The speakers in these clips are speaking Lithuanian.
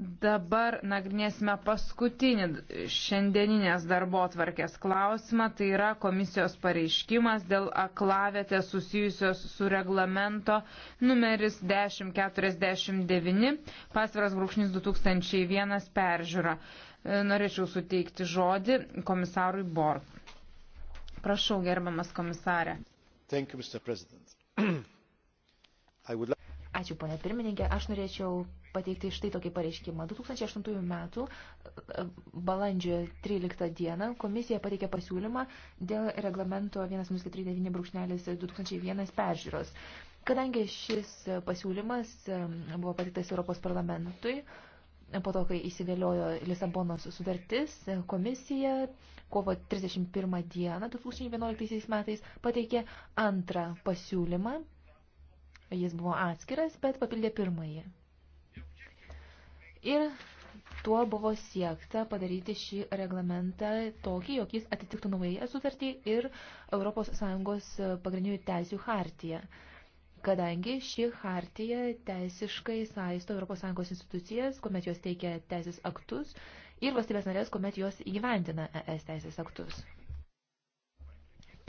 Dabar nagrinėsime paskutinį šiandieninės darbo atvarkės klausimą, tai yra komisijos pareiškimas dėl aklavėte susijusios su reglamento numeris 1049, pasviras brūkšnys 2001 peržiūra. E, norėčiau suteikti žodį komisarui Borg. Prašau, gerbiamas komisarė. Thank you, Mr. President. I would like... Ačiū, ponė pirmininkė. Aš norėčiau pateikti štai tokį pareiškimą. 2008 metų e, e, balandžio 13 dieną komisija pateikė pasiūlymą dėl reglamento 1039.2001 peržiūros. Kadangi šis pasiūlymas e, buvo pateiktas Europos parlamentui, po to, kai įsigaliojo Lisabonos sutartis, komisija kovo 31 dieną 2011 metais pateikė antrą pasiūlymą. Jis buvo atskiras, bet papildė pirmąjį. Ir tuo buvo siekta padaryti šį reglamentą tokį, jog jis atitiktų naująją sutartį ir ES pagrindinių teisių hartiją kadangi ši hartija teisiškai saisto ES institucijas, kuomet jos teikia teisės aktus, ir valstybės narės, kuomet jos įgyvendina ES teisės aktus.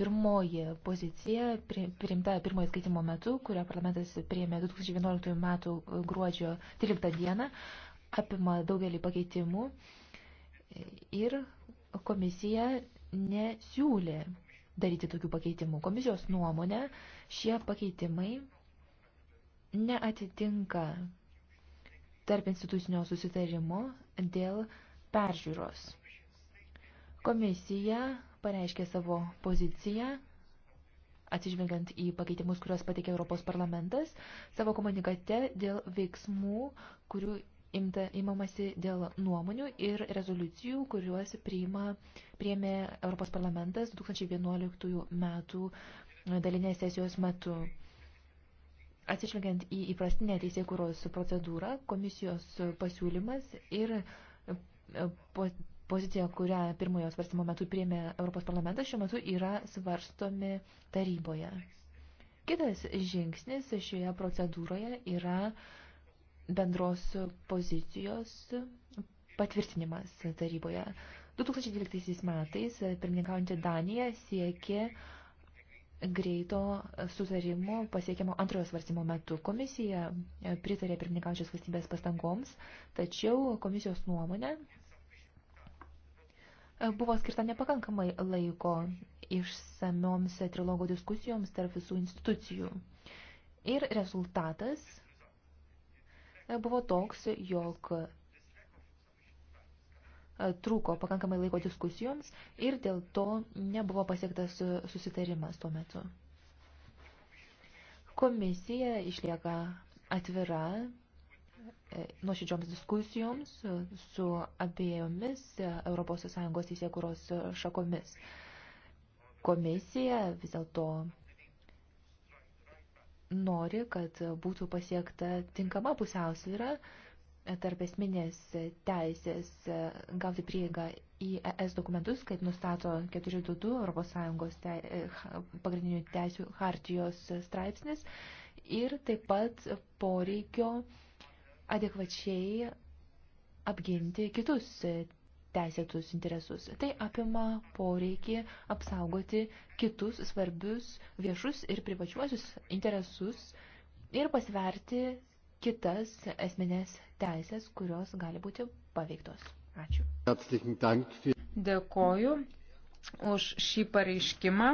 Pirmoji pozicija, priimta pirmojo skaitimo metu, kurią parlamentas priėmė 2011 m. gruodžio 13 dieną, apima daugelį pakeitimų ir komisija nesiūlė daryti tokių pakeitimų. Komisijos nuomonė šie pakeitimai neatitinka tarp institucinio susitarimo dėl peržiūros. Komisija pareiškė savo poziciją atsižvelgiant į pakeitimus, kuriuos pateikė Europos parlamentas savo komunikate dėl veiksmų, kurių imta, imamasi dėl nuomonių ir rezoliucijų, kuriuos priima, priėmė Europos parlamentas 2011 metų dalinės sesijos metu. Atsižvelgiant į įprastinę teisėkūros procedūrą, komisijos pasiūlymas ir pozicija, kurią pirmojo svarstymo metu priėmė Europos parlamentas, šiuo metu yra svarstomi taryboje. Kitas žingsnis šioje procedūroje yra uh, bendros pozicijos patvirtinimas taryboje. 2012 metais pirmininkaujantį Daniją siekė greito sutarimo pasiekiamo antrojo svarstymo metu. Komisija pritarė pirmininkaujančios valstybės pastangoms, tačiau komisijos nuomonė buvo skirta nepakankamai laiko išsamioms trilogo diskusijoms tarp visų institucijų. Ir rezultatas – buvo toks, jog e, trūko pakankamai laiko diskusijoms ir dėl to nebuvo pasiektas susitarimas tuo metu. Komisija išlieka atvira e, nuoširdžioms diskusijoms e, su abiejomis ES teisėkuros šakomis. Komisija vis dėlto nori, kad būtų pasiekta tinkama pusiausvyra tarp esminės teisės gauti prieigą į ES dokumentus, kaip nustato 422 ES te, pagrindinių teisių hartijos straipsnis, ir taip pat poreikio adekvačiai apginti kitus teisėtus interesus. Tai apima poreikį apsaugoti kitus svarbius viešus ir privačiuosius interesus ir pasverti kitas esminės teisės, kurios gali būti paveiktos. Ačiū. Dėkoju už šį pareiškimą.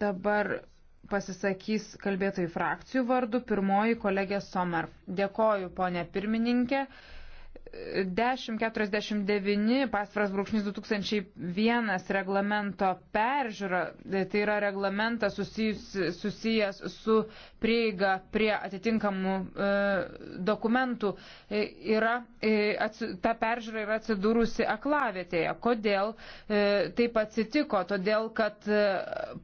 Dabar pasisakys kalbėtojų frakcijų vardu. Pirmoji kolegė Somer. Dėkoju, ponė pirmininkė. 1049 pasvaras brūkšnys 2001 reglamento peržiūra, tai yra reglamentas susijus, susijęs su prieiga prie atitinkamų e, dokumentų, e, yra, e, atsi, ta peržiūra yra atsidūrusi aklavietėje. Kodėl e, taip atsitiko? Todėl, kad e,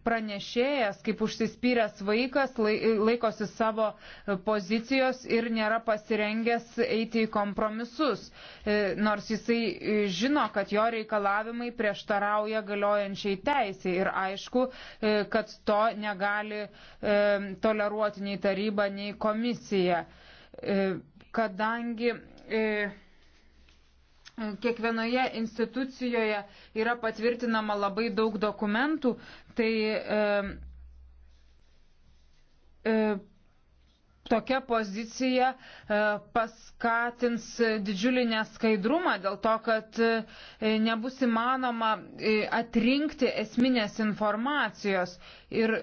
pranešėjas, kaip užsispyręs vaikas, lai, laikosi savo pozicijos ir nėra pasirengęs eiti į kompromisus metus, e, nors jisai e, žino, kad jo reikalavimai prieštarauja galiojančiai teisiai ir aišku, e, kad to negali toleruoti nei taryba, nei komisija. Kadangi kiekvienoje institucijoje yra patvirtinama labai daug dokumentų, tai tokia pozicija e, paskatins didžiulį neskaidrumą dėl to, kad e, nebus įmanoma e, atrinkti esminės informacijos ir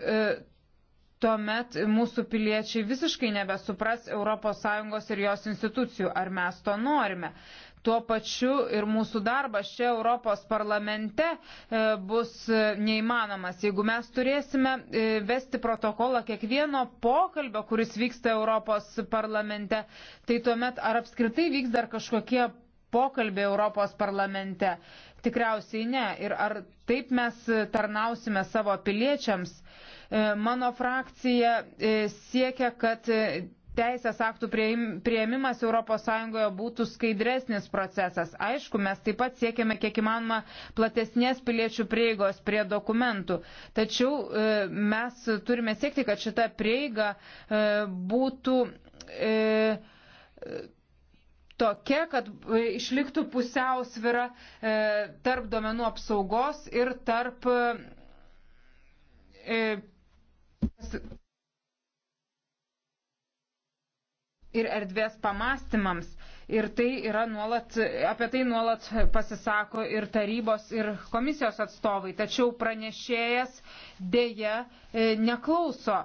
tuomet mūsų piliečiai visiškai nebesupras ES ir jos institucijų, ar mes to norime tuo pačiu ir mūsų darbas čia Europos parlamente e, bus e, neįmanomas. Jeigu mes turėsime e, vesti protokolą kiekvieno pokalbio, kuris vyksta Europos parlamente, tai tuomet ar apskritai vyks dar kažkokie pokalbį Europos parlamente? Tikriausiai ne. Ir ar taip mes tarnausime savo piliečiams? Mano frakcija siekia, kad teisės aktų prieimimas ES būtų skaidresnis procesas. Aišku, mes taip pat siekiame kiek įmanoma platesnės piliečių prieigos prie dokumentų. Tačiau e, mes turime siekti, kad šita prieiga e, būtų e, tokia, kad išliktų pusiausvira tarp duomenų apsaugos ir tarp ir erdvės pamastymams. Ir tai yra nuolat, apie tai nuolat pasisako ir tarybos, ir komisijos atstovai. Tačiau pranešėjas dėja e, neklauso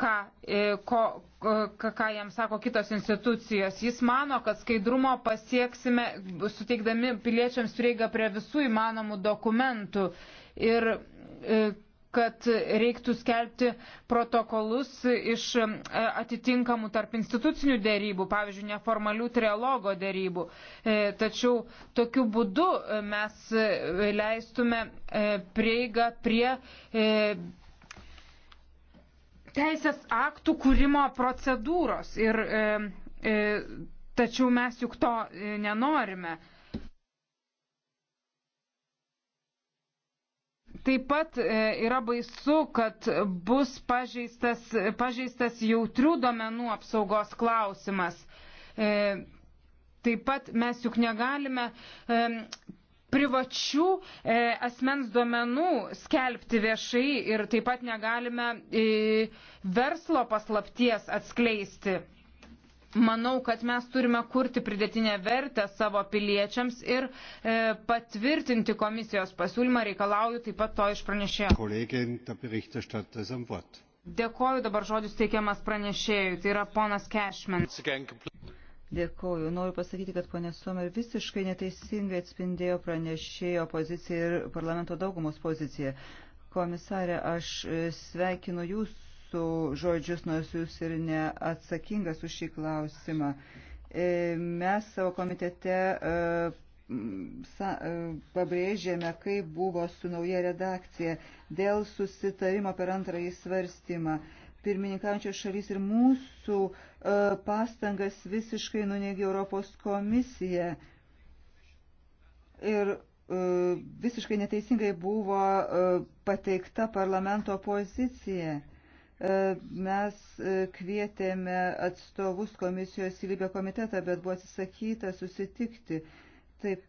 ką, e, ko, ką, ką jam sako kitos institucijos. Jis mano, kad skaidrumo pasieksime, suteikdami piliečiams prieigą prie visų įmanomų dokumentų. Ir, e, kad reiktų skelbti protokolus iš e, atitinkamų tarp institucinių dėrybų, pavyzdžiui, neformalių trialogo dėrybų. E, tačiau tokiu būdu e, mes leistume prieigą prie teisės aktų kūrimo procedūros. Ir, tačiau mes juk to nenorime. Taip pat e, yra baisu, kad bus pažeistas, pažeistas jautrių domenų apsaugos klausimas. E, taip pat mes juk negalime e, privačių e, asmens duomenų skelbti viešai ir taip pat negalime e, verslo paslapties atskleisti. Manau, kad mes turime kurti pridėtinę vertę savo piliečiams ir e, patvirtinti komisijos pasiūlymą, reikalauju taip pat to iš pranešėjo. Dėkoju, dabar žodis teikiamas pranešėjui, tai yra ponas Cashman. Dėkoju. Noriu pasakyti, kad ponė Somer visiškai neteisingai atspindėjo pranešėjo poziciją ir parlamento daugumos poziciją. Komisarė, aš sveikinu jūsų esu žodžius nusius ir neatsakingas už šį klausimą. E, mes savo komitete e, e, pabrėžėme, kaip buvo su nauja redakcija dėl susitarimo per antrąjį svarstymą pirmininkaujančios šalis ir mūsų pastangas visiškai nunegė Europos komisija. Ir visiškai neteisingai buvo pateikta parlamento pozicija. E, mes e, kvietėme atstovus komisijos įlybę komitetą, bet buvo atsisakyta susitikti. Taip,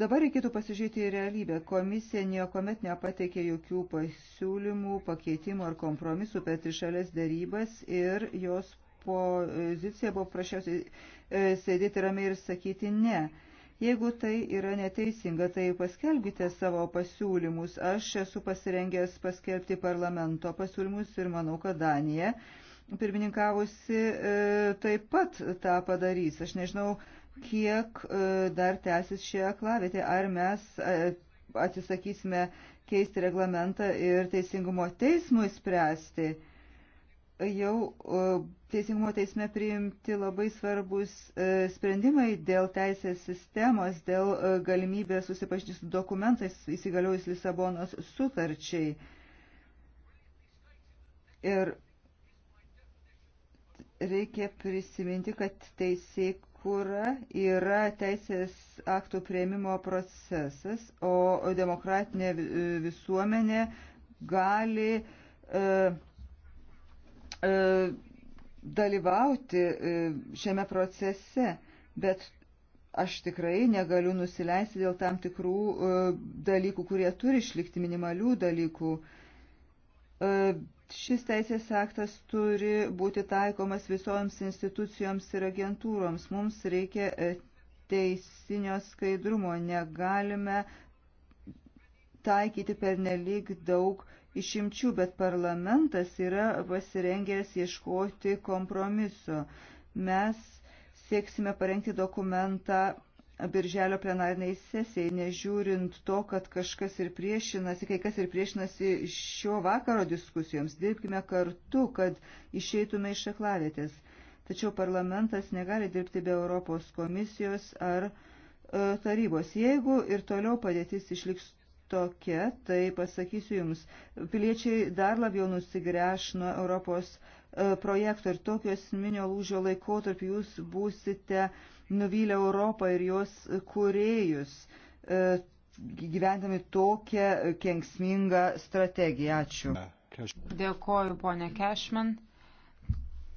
Dabar reikėtų pasižiūrėti į realybę. Komisija niekuomet nepateikė jokių pasiūlymų, pakeitimų ar kompromisų per trišalės dėrybas ir jos pozicija buvo prašiausiai e, sėdėti ramiai ir sakyti ne. Jeigu tai yra neteisinga, tai paskelbkite savo pasiūlymus. Aš esu pasirengęs paskelbti parlamento pasiūlymus ir manau, kad Danija pirmininkavusi e, taip pat tą padarys. Aš nežinau, kiek e, dar tęsis šie aklavėtė, ar mes e, atsisakysime keisti reglamentą ir teisingumo teismui spręsti jau e, Teisingumo teisme priimti labai svarbus e, sprendimai dėl teisės sistemos, dėl e, galimybės susipažinti su dokumentais įsigaliojus Lisabonos sutarčiai. Ir reikia prisiminti, kad teisėkūra yra teisės aktų prieimimo procesas, o demokratinė visuomenė gali e, E, dalyvauti e, šiame procese, bet aš tikrai negaliu nusileisti dėl tam tikrų e, dalykų, kurie turi išlikti minimalių dalykų. Šis teisės aktas turi būti taikomas visoms institucijoms ir agentūroms. Mums reikia teisinio skaidrumo. Negalime taikyti per nelik daug išimčių, bet parlamentas yra pasirengęs ieškoti kompromiso. Mes sieksime parengti dokumentą Birželio plenariniai sesijai, nežiūrint to, kad kažkas ir priešinasi, kai kas ir priešinasi šio vakaro diskusijoms. Dirbkime kartu, kad išeitume iš aklavėtės. Tačiau parlamentas negali dirbti be Europos komisijos ar e, tarybos. Jeigu ir toliau padėtis išliks tokia, tai pasakysiu Jums, piliečiai dar labiau nusigręš nuo Europos e, projekto ir tokio esminio lūžio laikotarp Jūs būsite nuvylę Europą ir jos kūrėjus e, gyvendami tokią kenksmingą strategiją. Ačiū. Dėkoju, ponė Kešman.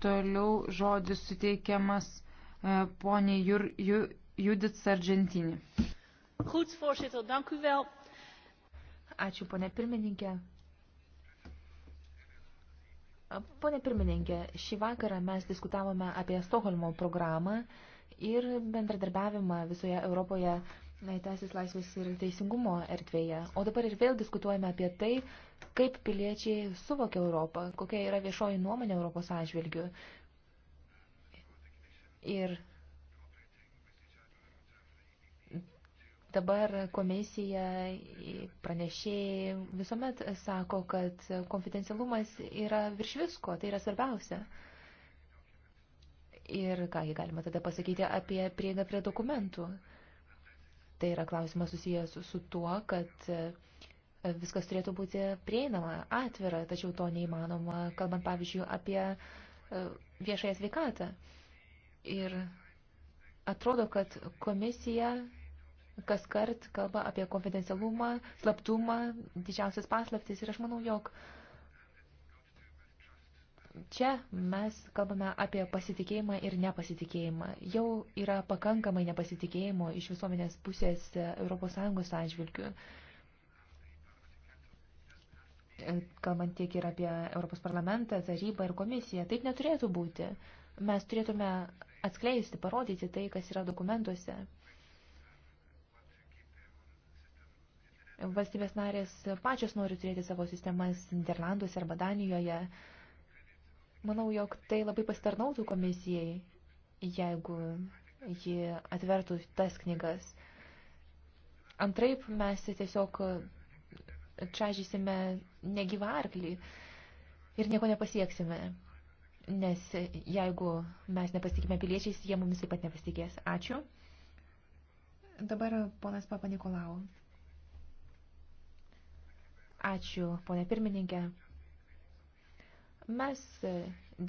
Toliau žodis suteikiamas e, ponė Judith Sargentini. Goed, voorzitter, dank u wel. Ačiū, ponė pirmininkė. Pone pirmininkė, šį vakarą mes diskutavome apie Stokholmo programą ir bendradarbiavimą visoje Europoje teisės laisvės ir teisingumo erdvėje. O dabar ir vėl diskutuojame apie tai, kaip piliečiai suvokia Europą, kokia yra viešoji nuomonė Europos atžvilgių. Ir Dabar komisija pranešėjai visuomet sako, kad konfidencialumas yra virš visko, tai yra svarbiausia. Ir kągi galima tada pasakyti apie prieigą prie dokumentų. Tai yra klausimas susijęs su tuo, kad viskas turėtų būti prieinama, atvira, tačiau to neįmanoma, kalbant pavyzdžiui apie e, viešąją sveikatą. Ir atrodo, kad komisija kas kart kalba apie konfidencialumą, slaptumą, didžiausias paslaptis. Ir aš manau, jog čia mes kalbame apie pasitikėjimą ir nepasitikėjimą. Jau yra pakankamai nepasitikėjimo iš visuomenės pusės ES atžvilgių kalbant tiek ir apie Europos parlamentą, tarybą ir komisiją, taip neturėtų būti. Mes turėtume atskleisti, parodyti tai, kas yra dokumentuose. Valstybės narės pačios nori turėti savo sistemas Niderlanduose arba Danijoje. Manau, jog tai labai pasitarnautų komisijai, jeigu ji atvertų tas knygas. Antraip mes tiesiog čiažysime negyvą arklį ir nieko nepasieksime. Nes jeigu mes nepasitikime piliečiais, jie mumis taip pat nepasitikės. Ačiū. Dabar ponas Papa Nikolau. Ačiū, ponė pirmininkė. Mes e,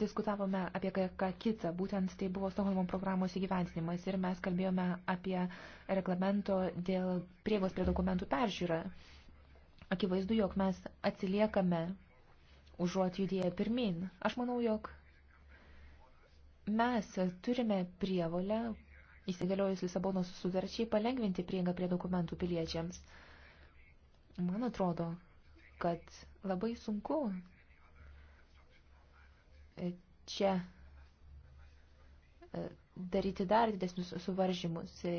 diskutavome apie ką kitą, būtent tai buvo Stokholmo programos įgyventinimas ir mes kalbėjome apie reglamento dėl priegos prie dokumentų peržiūrą. Akivaizdu, jog mes atsiliekame užuot judėję pirmin. Aš manau, jog mes turime prievolę įsigaliojus Lisabonos sudarčiai palengvinti prieigą prie dokumentų piliečiams. Man atrodo, kad labai sunku čia e, daryti dar didesnius suvaržymus, e,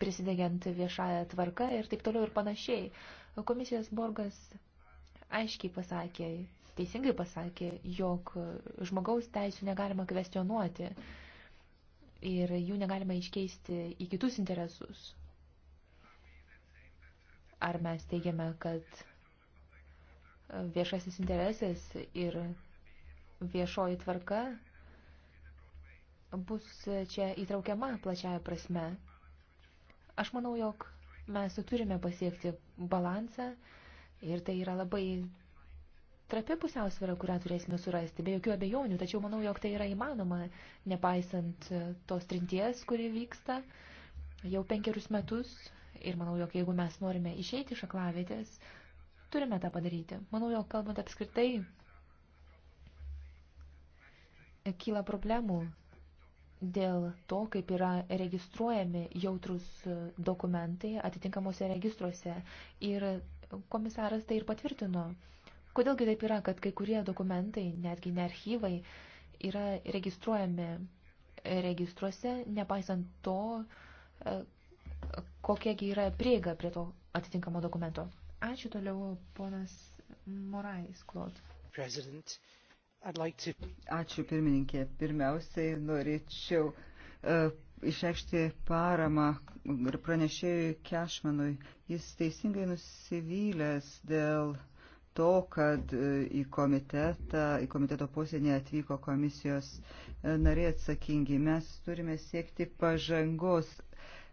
prisidegiant viešąją tvarką ir taip toliau ir panašiai. Komisijos Borgas aiškiai pasakė, teisingai pasakė, jog žmogaus teisų negalima kvestionuoti ir jų negalima iškeisti į kitus interesus. Ar mes teigiame, kad viešasis interesas ir viešoji tvarka bus čia įtraukiama plačiaja prasme. Aš manau, jog mes turime pasiekti balansą ir tai yra labai trapi pusiausvėra, kurią turėsime surasti, be jokių abejonių, tačiau manau, jog tai yra įmanoma, nepaisant tos trinties, kuri vyksta jau penkerius metus ir manau, jog jeigu mes norime išeiti iš aklavietės, Turime tą padaryti. Manau, jog kalbant apskritai, kyla problemų dėl to, kaip yra registruojami jautrus dokumentai atitinkamuose registruose. Ir komisaras tai ir patvirtino. Kodėlgi taip yra, kad kai kurie dokumentai, netgi ne archyvai, yra registruojami registruose, nepaisant to, e, kokiagi yra prieiga prie to atitinkamo dokumento. Ačiū toliau, ponas Morais Klod. Like to... Ačiū pirmininkė. Pirmiausiai norėčiau uh, išreikšti paramą ir pranešėjui Kešmanui. Jis teisingai nusivylęs dėl to, kad e, į komitetą, į komiteto posėdį atvyko komisijos e, nariai atsakingi. Mes turime siekti pažangos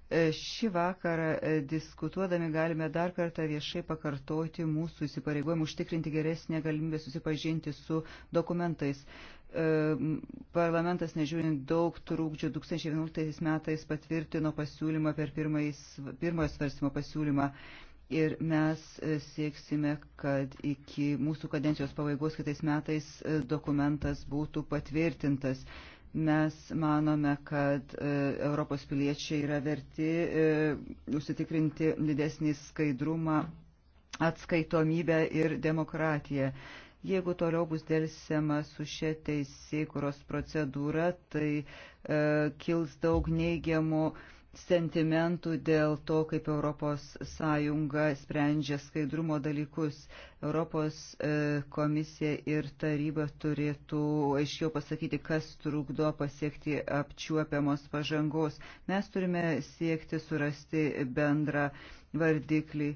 E, šį vakarą e, diskutuodami galime dar kartą viešai pakartoti mūsų įsipareigojimą užtikrinti geresnę galimybę susipažinti su dokumentais. E, parlamentas, nežiūrint daug trūkdžių, 2011 metais patvirtino pasiūlymą per pirmojo svarstymo pasiūlymą ir mes sieksime, kad iki mūsų kadencijos pabaigos kitais metais dokumentas būtų patvirtintas. Mes manome, kad e, Europos piliečiai yra verti e, užsitikrinti didesnį skaidrumą, atskaitomybę ir demokratiją. Jeigu toliau bus dėlsiama su šia teisėkuros procedūra, tai e, kils daug neigiamų e, sentimentų dėl to, kaip ES sprendžia skaidrumo dalykus. Europos e, komisija ir taryba turėtų aiškiau pasakyti, kas trukdo pasiekti apčiuopiamos pažangos. Mes turime siekti surasti bendrą vardiklį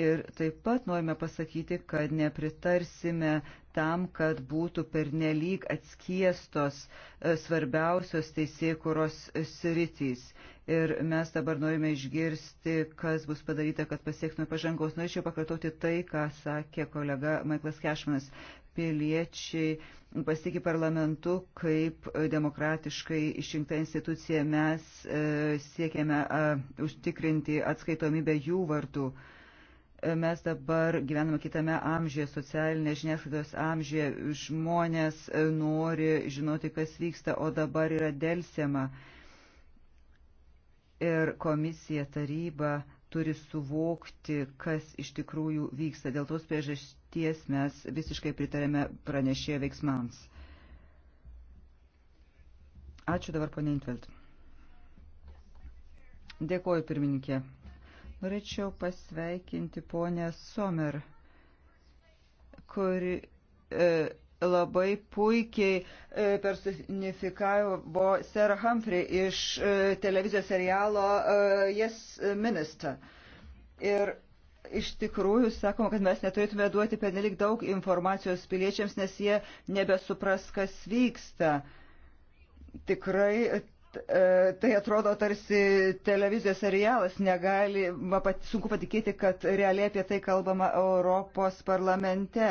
Ir taip pat norime pasakyti, kad nepritarsime tam, kad būtų pernelyg atskiestos e, svarbiausios teisėkuros sritys. Ir mes dabar norime išgirsti, kas bus padaryta, kad pasiektume pažangos. Norėčiau pakartoti tai, ką sakė kolega Maiklas Kešmanas. Piliečiai pasitikė parlamentu kaip demokratiškai išrinkta institucija. Mes e, siekiame e, užtikrinti atskaitomybę jų vardų. E, Mes dabar gyvename kitame amžiuje, socialinės žiniasklaidos amžiuje, žmonės e, nori žinoti, kas vyksta, o dabar yra dėlsiama. Ir komisija, taryba turi suvokti, kas iš tikrųjų vyksta. Dėl tos priežasties mes visiškai pritarėme pranešėjo veiksmams. Ačiū dabar, ponė Intvelt. Dėkoju, pirmininkė. Norėčiau pasveikinti ponę Somer, kuri e, labai puikiai e, personifikavo Sir Humphrey iš e, televizijos serialo e, Yes Minister. Ir iš tikrųjų sakoma, kad mes neturėtume duoti pernelik daug informacijos piliečiams, nes jie nebesupras, kas vyksta. Tikrai E, tai atrodo tarsi televizijos serialas, negali, pat, sunku patikėti, kad realiai apie tai kalbama Europos parlamente.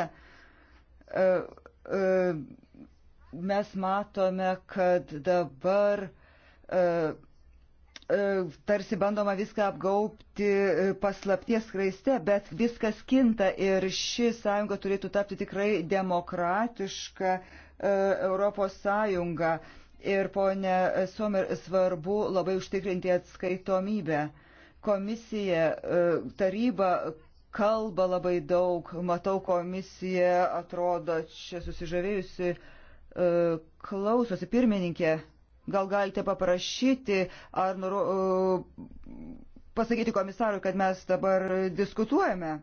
E, e, mes matome, kad dabar tarsi bandoma viską apgaupti paslapties kraiste, bet viskas kinta ir ši sąjunga turėtų tapti tikrai demokratišką Europos sąjungą Ir ponė Somer, svarbu labai užtikrinti atskaitomybę. Komisija, e, taryba kalba labai daug, matau komisiją, atrodo, čia susižavėjusi e, klausosi pirmininkė. Gal galite paprašyti ar nuro, e, pasakyti komisarui, kad mes dabar diskutuojame,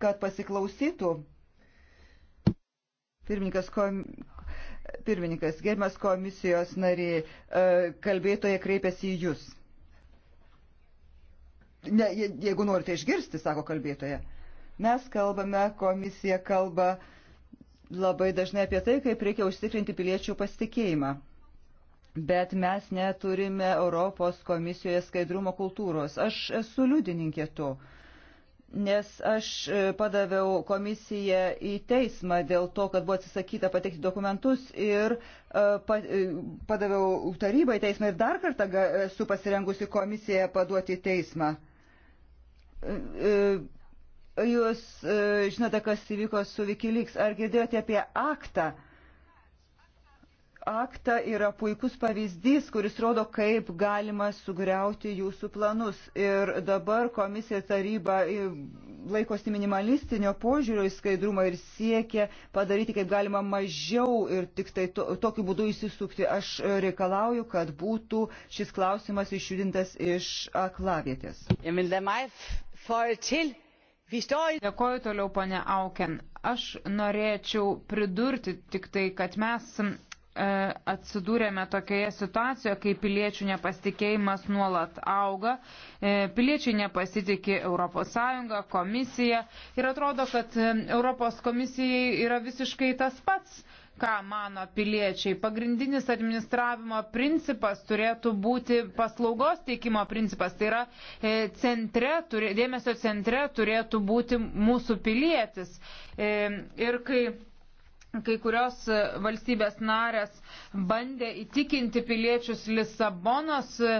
kad pasiklausytų. Pirmininkas kom, Pirmininkas, gerbiamas komisijos nariai, e, kalbėtoje kreipiasi į jūs. Ne, jeigu norite išgirsti, sako kalbėtoje. Mes kalbame, komisija kalba labai dažnai apie tai, kaip reikia užtikrinti piliečių pasitikėjimą. Bet mes neturime Europos komisijoje skaidrumo kultūros. Aš esu liudininkė to. Uh, nes aš e, padaviau komisiją į teismą dėl to, kad buvo atsisakyta pateikti dokumentus ir e, e, padaviau tarybą į teismą ir dar kartą esu pasirengusi komisiją paduoti į teismą. Jūs žinote, kas įvyko su Wikileaks. Ar girdėjote apie aktą? aktą yra puikus pavyzdys, kuris rodo, kaip galima sugriauti jūsų planus. Ir dabar komisija taryba laikosi minimalistinio požiūrio į skaidrumą ir siekia padaryti kaip galima mažiau ir tik tai to, tokiu būdu įsisukti. Aš reikalauju, kad būtų šis klausimas išjudintas iš aklavietės. Dėkoju toliau, ponė Auken. Aš norėčiau pridurti tik tai, kad mes E, atsidūrėme tokioje situacijoje, kai piliečių nepasitikėjimas nuolat auga, e, piliečiai nepasitikė ES, komisija ir atrodo, kad e, Europos komisijai yra visiškai tas pats, ką mano piliečiai. Pagrindinis administravimo principas turėtų būti paslaugos teikimo principas. Tai yra centre, dėmesio centre turėtų būti mūsų pilietis. Ir kai kai kurios e, valstybės narės bandė įtikinti piliečius Lisabonos e,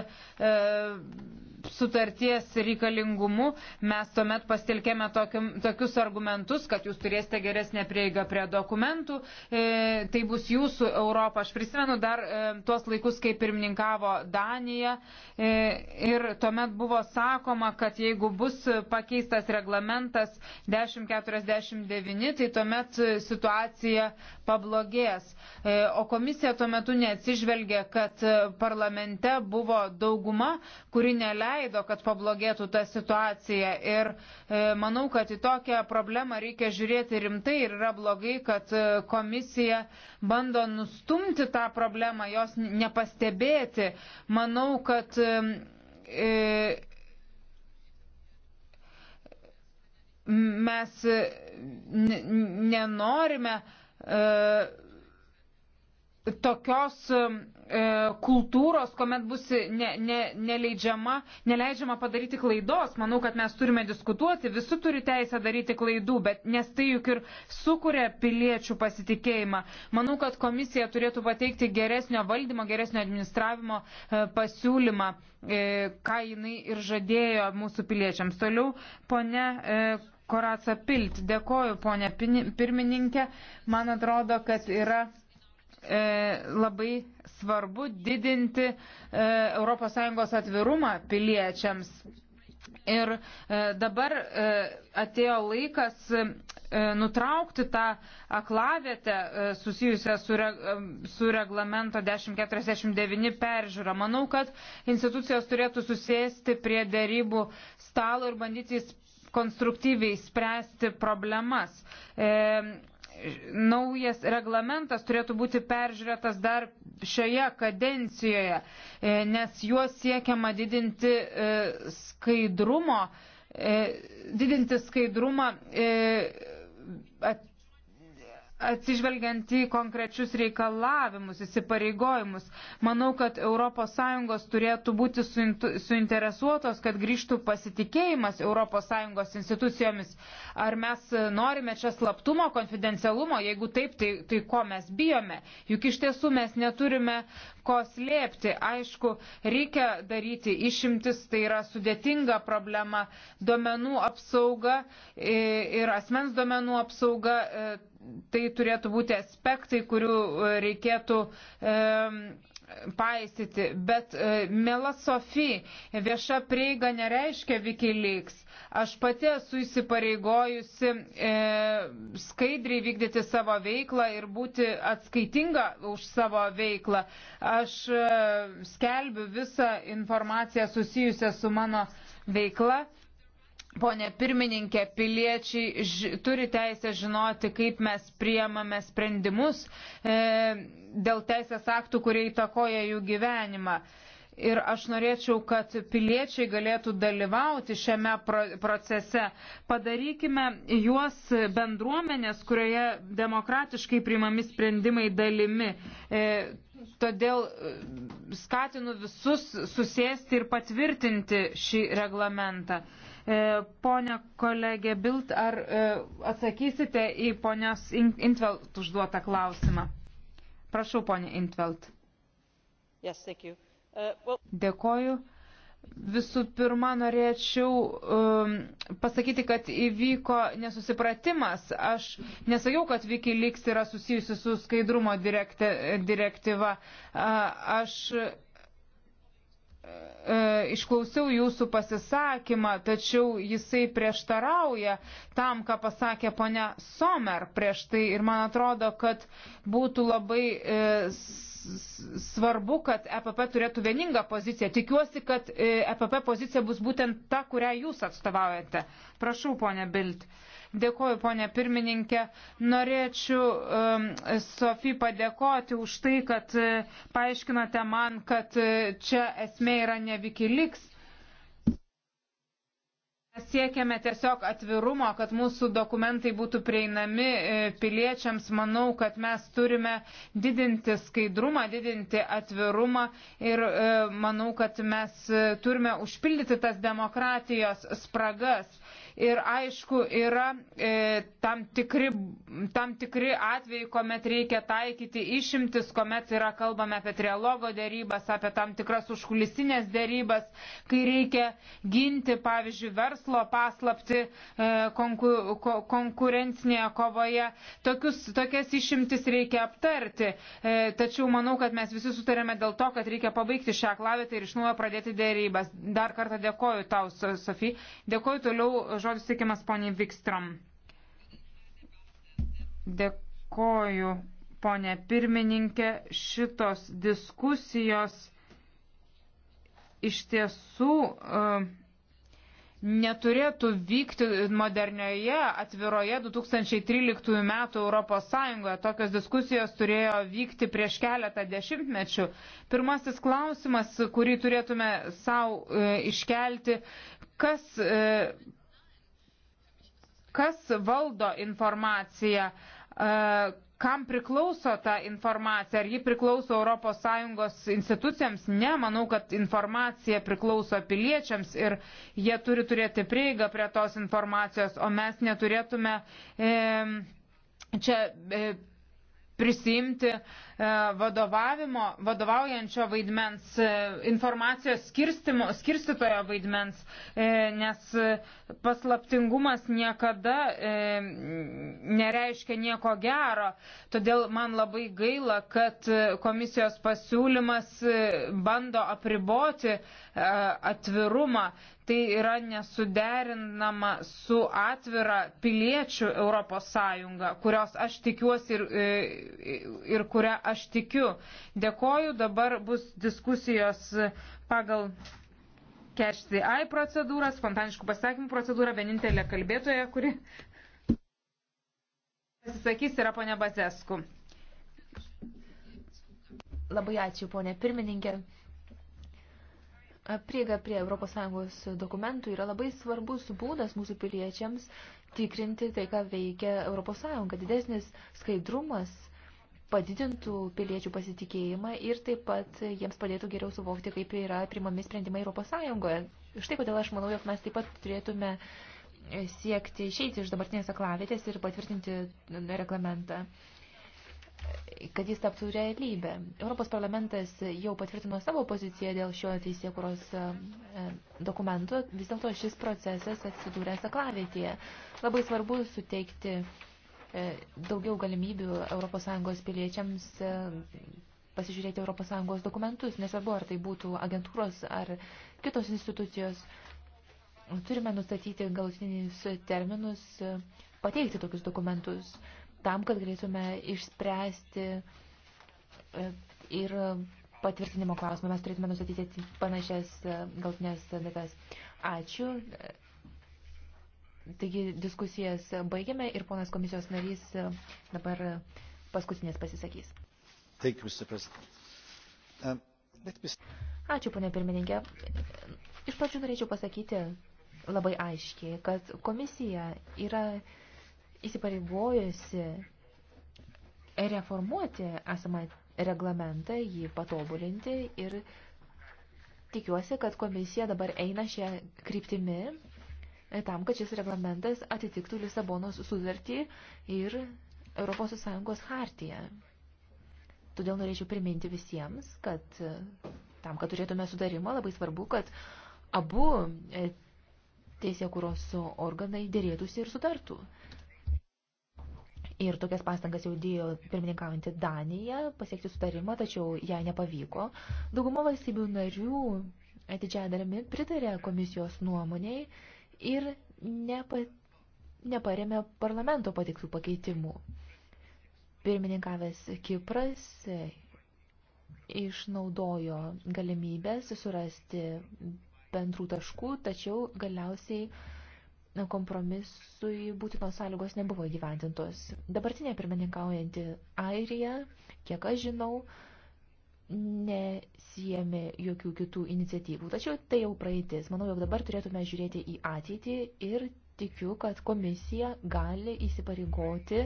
sutarties reikalingumu, mes tuomet pasitelkėme tokius argumentus, kad jūs turėsite geresnę prieigą prie dokumentų, e, tai bus jūsų Europa. Aš prisimenu dar e, tuos laikus, kai pirmininkavo Danija e, ir tuomet buvo sakoma, kad jeigu bus pakeistas reglamentas 1049, tai tuomet situacija pablogės. E, o komisija tuo metu neatsižvelgia, kad parlamente buvo dauguma, kuri neleidžia leido, kad pablogėtų ta situacija. Ir e, manau, kad į tokią problemą reikia žiūrėti rimtai ir yra blogai, kad e, komisija bando nustumti tą problemą, jos nepastebėti. Manau, kad. E, e mes nenorime e, tokios e, kultūros, kuomet bus ne, ne, neleidžiama, neleidžiama padaryti klaidos. Manau, kad mes turime diskutuoti, visi turi teisę daryti klaidų, bet, nes tai juk ir sukuria piliečių pasitikėjimą. Manau, kad komisija turėtų pateikti geresnio valdymo, geresnio administravimo e, pasiūlymą, e, ką jinai ir žadėjo mūsų piliečiams. Toliau, ponia. E, Koraca Pilt, dėkoju, ponė pirmininkė. Man atrodo, kad yra E, labai svarbu didinti ES atvirumą piliečiams. Ir e, dabar e, atėjo laikas nutraukti tą aklavietę susijusią su, re, su reglamento 1049 peržiūra. Manau, kad institucijos turėtų susėsti prie dėrybų stalo ir bandyti konstruktyviai spręsti problemas. E, naujas reglamentas turėtų būti peržiūrėtas dar šioje kadencijoje, e, nes juo siekiama didinti e, skaidrumo, e, didinti skaidrumą atsižvelgiant į konkrečius reikalavimus, įsipareigojimus. Manau, kad ES turėtų būti suinteresuotos, kad grįžtų pasitikėjimas ES institucijomis. Ar mes norime čia slaptumo, konfidencialumo, jeigu taip, tai, tai ko mes bijome? Juk iš tiesų mes neturime ko slėpti. Aišku, reikia daryti išimtis, tai yra sudėtinga problema. Duomenų apsauga ir asmens duomenų apsauga e, tai turėtų būti aspektai, kurių e, reikėtų e, paisyti. Bet, e, mėla Sofija, vieša prieiga nereiškia Wikileaks. Aš pati esu įsipareigojusi e, skaidriai vykdyti savo veiklą ir būti atskaitinga už savo veiklą. Aš e, skelbiu visą informaciją susijusią su mano veikla Pone pirmininkė, piliečiai ž, turi teisę žinoti, kaip mes priemame sprendimus e, dėl teisės aktų, kurie įtakoja jų gyvenimą. Ir aš norėčiau, kad piliečiai galėtų dalyvauti šiame pro procese. Padarykime juos bendruomenės, kurioje demokratiškai priimami sprendimai dalimi. E, todėl e, skatinu visus susėsti ir patvirtinti šį reglamentą. E, Pone kolegė Bilt, ar e, atsakysite į ponios Intvelt užduotą klausimą? Prašau, ponė Intvelt. Yes, uh, well... Dėkoju. Visų pirma, norėčiau um, pasakyti, kad įvyko nesusipratimas. Aš nesakiau, kad Wikileaks yra susijusi su skaidrumo direkte, direktyva. Uh, aš E, išklausiau jūsų pasisakymą, tačiau jisai prieštarauja tam, ką pasakė ponia Somer prieš tai ir man atrodo, kad būtų labai e, svarbu, kad EPP turėtų vieningą poziciją. Tikiuosi, kad EPP e pozicija bus būtent ta, kurią jūs atstovaujate. Prašau, ponė Bild. Dėkoju, ponė pirmininkė. Norėčiau um, Sofijai padėkoti už tai, kad uh, paaiškinote man, kad uh, čia esmė yra ne Vikiliks Siekiame tiesiog atvirumo, kad mūsų dokumentai būtų prieinami e, piliečiams. Manau, kad mes turime didinti skaidrumą, didinti atvirumą ir e, manau, kad mes e, turime užpildyti tas demokratijos spragas. Ir aišku, yra e, tam, tikri, tam tikri atvejai, kuomet reikia taikyti išimtis, kuomet yra kalbame apie trialogo dėrybas, apie tam tikras užkulisinės dėrybas, kai reikia ginti, pavyzdžiui, verslo paslapti e, konku, ko, konkurencinėje kovoje. Tokius, tokias išimtis reikia aptarti. E, tačiau manau, kad mes visi sutarėme dėl to, kad reikia pabaigti šią klavitą ir iš naujo pradėti dėrybas. Dar kartą dėkoju tau, Sofija. Dėkoju toliau žodis teikiamas poniai Vikstrom. Dėkoju, ponė pirmininkė, šitos diskusijos iš tiesų uh, neturėtų vykti modernioje, atviroje 2013 metų Europos Sąjungoje. Tokios diskusijos turėjo vykti prieš keletą dešimtmečių. Pirmasis klausimas, kurį turėtume savo e, iškelti, kas e, kas valdo informaciją, e, kam priklauso ta informacija, ar ji priklauso ES institucijams, ne, manau, kad informacija priklauso piliečiams ir jie turi turėti prieigą prie tos informacijos, o mes neturėtume e, čia e, prisimti e, E, vadovavimo, vadovaujančio vaidmens, e, informacijos skirstytojo vaidmens, e, nes paslaptingumas niekada nereiškia nieko gero. Todėl man labai gaila, kad komisijos pasiūlymas bando apriboti atvirumą. Tai yra nesuderinama su atvira piliečių Europos Sąjunga, kurios aš tikiuosi ir, ir kurią aš tikiu. Dėkoju, dabar bus diskusijos pagal CashCI procedūrą, spontaniškų pasakymų procedūrą, vienintelė kalbėtoja, kuri pasisakys yra ponė Bazesku. Labai ačiū, ponė pirmininkė. Prieiga prie ES dokumentų yra labai svarbus būdas mūsų piliečiams tikrinti tai, ką veikia ES. Didesnis skaidrumas padidintų piliečių pasitikėjimą ir taip pat jiems padėtų geriau suvokti, kaip yra primami sprendimai Europos Sąjungoje. Štai kodėl aš manau, jog mes taip pat turėtume siekti išeiti iš dabartinės aklavietės ir patvirtinti reglamentą kad jis taptų realybę. Europos parlamentas jau patvirtino savo poziciją dėl šio teisėkuros e, dokumento, vis dėlto šis procesas atsidūrė saklavietėje. Labai svarbu suteikti E, daugiau galimybių ES piliečiams e, pasižiūrėti ES dokumentus, nesvarbu, ar tai būtų agentūros ar kitos institucijos. Turime nustatyti galutinius terminus, e, pateikti tokius dokumentus tam, kad galėtume išspręsti ir patvirtinimo klausimą. Mes turėtume nustatyti panašias galtinės datas. Ačiū. Taigi diskusijas baigėme ir ponas komisijos narys e, dabar paskutinės pasisakys. Thank you, Mr. President. Um, let me... Ačiū, ponė pirmininkė. Iš pradžių norėčiau pasakyti labai aiškiai, kad komisija yra įsipareigojusi reformuoti esamą reglamentą, jį patobulinti ir tikiuosi, kad komisija dabar eina šią kryptimį tam, kad šis reglamentas atitiktų Lisabonos sutartį ir ES hartiją. Todėl norėčiau priminti visiems, kad e, tam, kad turėtume sudarimą, labai svarbu, kad abu e, teisėkuros organai dėrėtųsi ir sutartų. Ir tokias pastangas jau dėjo pirmininkaujantį Daniją pasiekti sutarimą, tačiau jai nepavyko. Dauguma valstybių narių atidžiai e, darami pritarė komisijos nuomonėj ir nepa, neparemė parlamento patiktų pakeitimų. Pirmininkavęs Kipras e, išnaudojo galimybės surasti bendrų taškų, tačiau galiausiai kompromisui būtinos sąlygos nebuvo įgyvendintos. Dabartinė pirmininkaujanti Airija, kiek aš žinau, nesijėmė jokių kitų iniciatyvų. Tačiau tai jau praeitis. Manau, jog dabar turėtume žiūrėti į ateitį ir tikiu, kad komisija gali įsipareigoti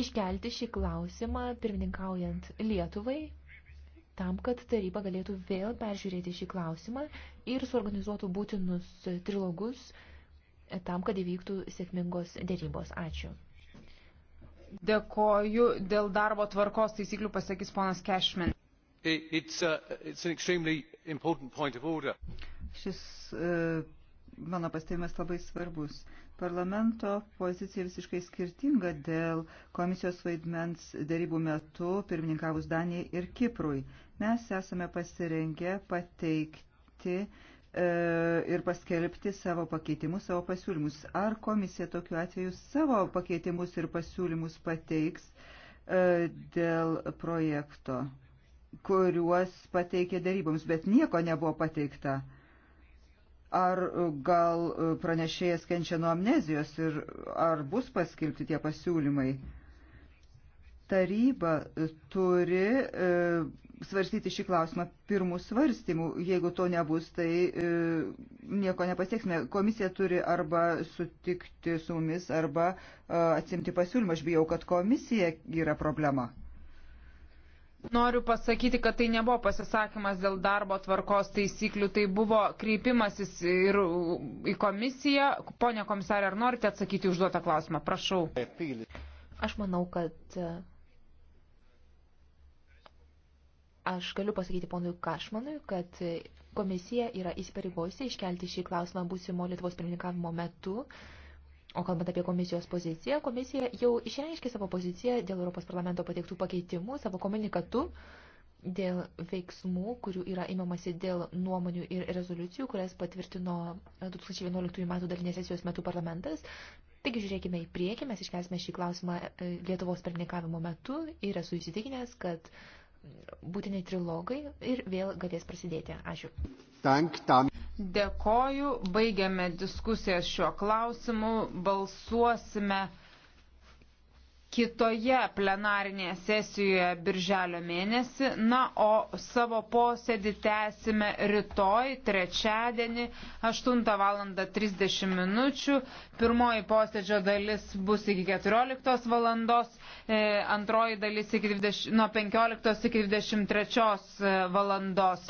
iškelti šį klausimą pirmininkaujant Lietuvai tam, kad taryba galėtų vėl peržiūrėti šį klausimą ir suorganizuotų būtinus trilogus tam, kad įvyktų sėkmingos dėrybos. Ačiū. Dėkoju. Dėl darbo tvarkos taisyklių pasakys ponas Cashman. It's a, uh, it's Šis e, mano pastebėjimas labai svarbus. Parlamento pozicija visiškai skirtinga dėl komisijos vaidmens darybų metu pirmininkavus Danijai ir Kiprui. Mes esame pasirengę pateikti E, ir paskelbti savo pakeitimus, savo pasiūlymus. Ar komisija tokiu atveju savo pakeitimus ir pasiūlymus pateiks e, dėl projekto, kuriuos pateikė daryboms, bet nieko nebuvo pateikta? Ar gal pranešėjas kenčia nuo amnezijos ir ar bus paskelbti tie pasiūlymai? taryba e, turi e, svarstyti šį klausimą pirmų svarstymų. Jeigu to nebus, tai e, nieko nepasieksime. Komisija turi arba sutikti su mumis, arba e, atsimti pasiūlymą. Aš bijau, kad komisija yra problema. Noriu pasakyti, kad tai nebuvo pasisakymas dėl darbo tvarkos taisyklių, tai buvo kreipimasis ir į komisiją. Pone komisarė, ar norite atsakyti užduotą klausimą? Prašau. Aš manau, kad Aš galiu pasakyti ponui Kašmanui, kad komisija yra įsipareigojusi iškelti šį klausimą būsimo Lietuvos pirmininkavimo metu. O kalbant apie komisijos poziciją, komisija jau išreiškė savo poziciją dėl Europos parlamento pateiktų pakeitimų savo komunikatu dėl veiksmų, kurių yra imamasi dėl nuomonių ir rezoliucijų, kurias patvirtino 2011 metų dalinės sesijos metu parlamentas. Taigi žiūrėkime į priekį, mes iškelsime šį klausimą e, Lietuvos pirmininkavimo metu ir esu įsitikinęs, kad būtiniai trilogai ir vėl galės prasidėti. Ačiū. Tank, tam. Dėkoju, baigiame diskusijas šiuo klausimu, balsuosime kitoje plenarinėje sesijoje birželio mėnesį. Na, o savo posėdį tęsime rytoj, trečiadienį, 8 val. 30 minučių. Pirmoji posėdžio dalis bus iki 14 val. E, antroji dalis iki 20, nuo 15 iki 23 e, val.